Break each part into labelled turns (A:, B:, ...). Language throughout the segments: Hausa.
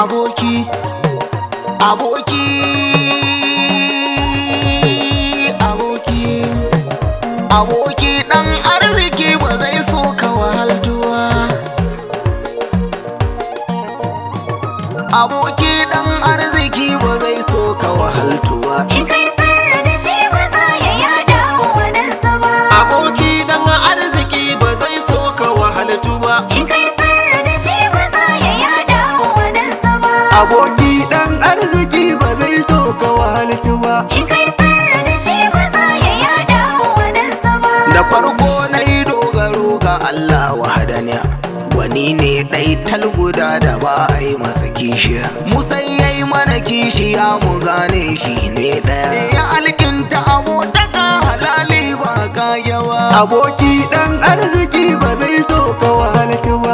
A: aboki aboki aboki aboki
B: aboki dan
A: arziki ba zai so ka wahalci ba da farko na yi dogaro ga Allah wahadaniya wani ne ɗaital guda da ba a yi masa kishiya musan ya yi mana kishiya mu gane shi ne ɗaya ya alkinta abotaka halali ba yawa? aboki dan arziki ba zai so ka wahalci
B: ba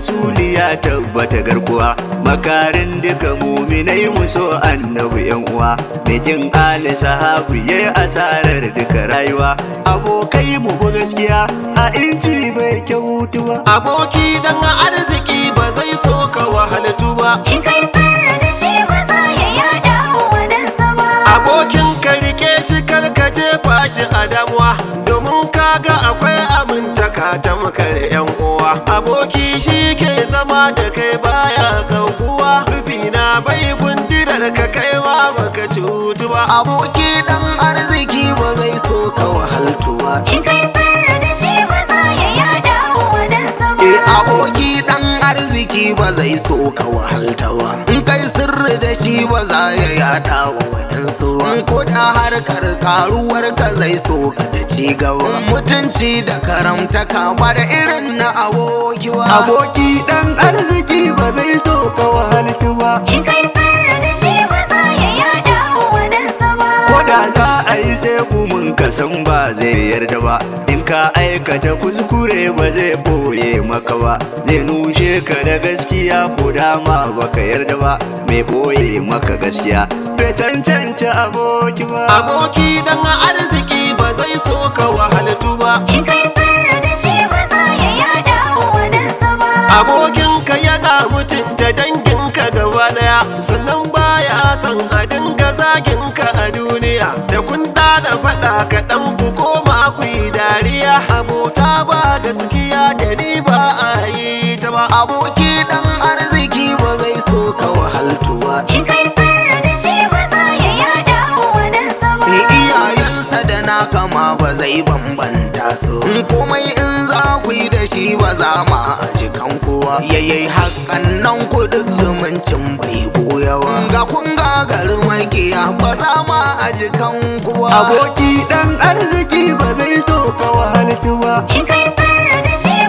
B: rasuliya ya tabbata garkuwa makarin duka muminai muso annabi yan uwa bikin ali sahabu yi asarar duka
C: rayuwa abokai mu bu gaskiya a inci bai kyautu ba aboki dan arziki ba zai so ka wahalatu ba in kai sarra da shi ba za ya yada wadansa ba abokin ka rike shi kar ka jefa shi a damuwa domin kaga akwai abin taka ta makar yan uwa aboki shi ke zama da kai baya kanguwa rufi na bai gundirar ka kaiwa baka cutuwa aboki dan arziki ba zai so ka
A: wahaltuwa in kai sarrafa arziki ba zai so ka wahalta ba in kai sirri da shi ba za ya yada wa waɗansu ba ko da harkar karuwar ka zai so ka da ci gaba mutunci da karamta ka ba da irin na aboki aboki dan arziki ba zai so ka wahalta ba in kai sirri
B: da shi ba za ya yada wa waɗansu ba ko da za a yi sai ka san ba zai yarda ba in ka aikata kuskure ba zai boye maka ba zai nushe ka da gaskiya ko dama ba ka yarda ba mai boye maka gaskiya
C: bai cancanta aboki ba aboki dan arziki ba zai so ka wahalatu ba in kai sarra da shi ba za ya yada wa wadansa ba abokinka yana mutunta dai sannan baya san a dinga zagin ka a duniya da kun da faɗa kaɗan ku koma ku yi dariya abota ba gaskiya da ni ba a yi ta ba aboki ɗan arziki ba zai so ka wahaltuwa in kai
A: shi ba za ya wadansa ba eh, iyayensa da na kama ba zai bambanta so komai in za ku yi shi ba za ma a jikan kowa yayi hakan nan ku duk zumuncin bai boyawa ga kun gagar makiya ba za ma a kowa aboki dan arziki ba zai so ka wahalci ba in kai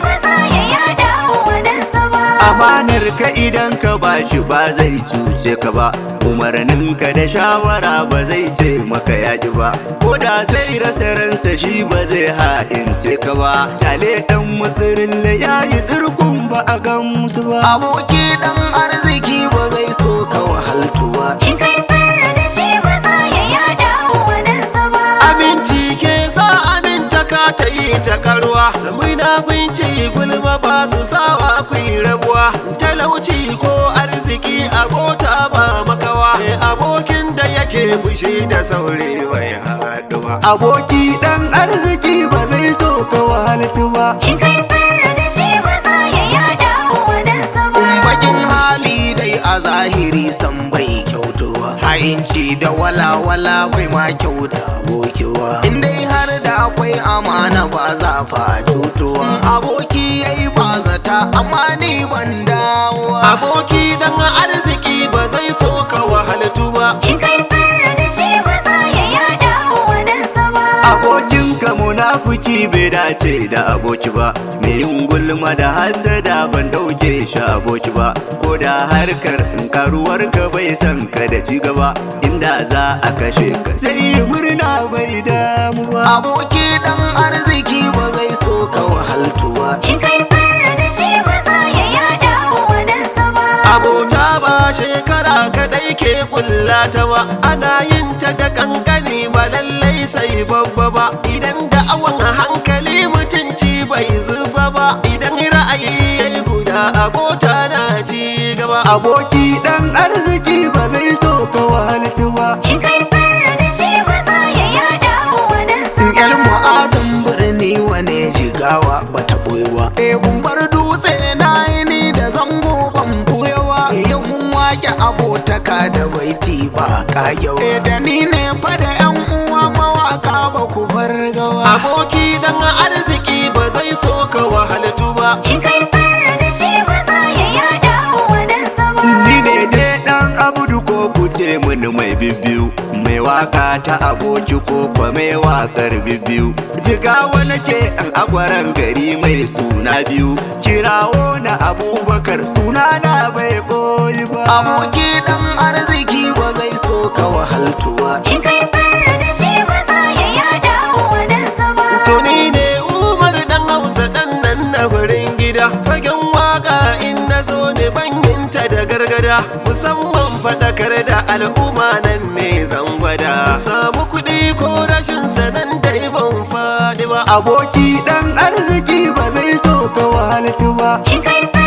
A: ba za ya yada wadansa ba
B: amanar ka idan ka bashi ba zai cuce ka ba umarninka da shawara ba zai ce maka yaji ba ko da zai rasa ransa shi ba zai ha'ince ka ba tale dan matsarin da yayi tsirkun
A: ba a gamsu ba aboki dan arziki ba zai so ka wahaltu ba
C: in kai da shi ba za ya yada umarninsa ba aminci ke aminta ka ta yi ta karuwa munafinci gulma ba su sawa ku rabuwa talauci ko arziki fushi da saure bai haɗu ba aboki
B: dan
A: arziki ba zai so ka wahalatu ba in kai sirri da shi ba za ya wa dan ba bakin hali dai a zahiri san bai kyautuwa ha'inci da walawala bai ma kyau da abokiwa in dai har da akwai amana ba za fa cutuwa aboki yayi ba zata
C: ni ban dawo. aboki dan arziki
B: fuki bai dace da aboki ba mai yin gulma da hasada ban dauke shi aboki ba ko da harkar karuwar ka bai san ka da ci gaba inda za a kashe ka
A: sai murna bai damuwa
C: aboki dan arziki ba zai so ka wahaltuwa in kai sirri da shi ba za ya yada wa dan ba abota ba shekara kadai ke kullatawa ba ana yin ta da kankani ba lallai sai babba ba idan ra'ayi ya yi guda abota na ci gaba aboki dan arziki ba zai so ka wahalta ba in kai sarrafa shi ba za ya yada wadan sun
A: yar mu'azan birni wane jigawa ba ta boyewa e gumbar dutse na yi ni da zango ban boyewa yau mun wake abotaka da baiti ba kayawa e da ni ne fa da yan uwa mawaka ba ku bar
C: fargawa ka wahalatu ba in kai da shi ba ya yada wadansa ba ni ne dai ɗan abudu ko
B: kuce mini mai biyu? mai waka ta aboki ko kwa mai wakar bibbiyu jigawa nake an agwaran gari mai suna biyu kirawo na abubakar suna na bai boyi ba aboki dan arziki
C: ba zai so ka wahaltuwa in kai musamman faɗakar da al'umma nan ne zan gwada samu kuɗi ko rashin sanan da ban faɗi ba aboki ɗan arziki ba zai so ka wahalatu ba in
A: kai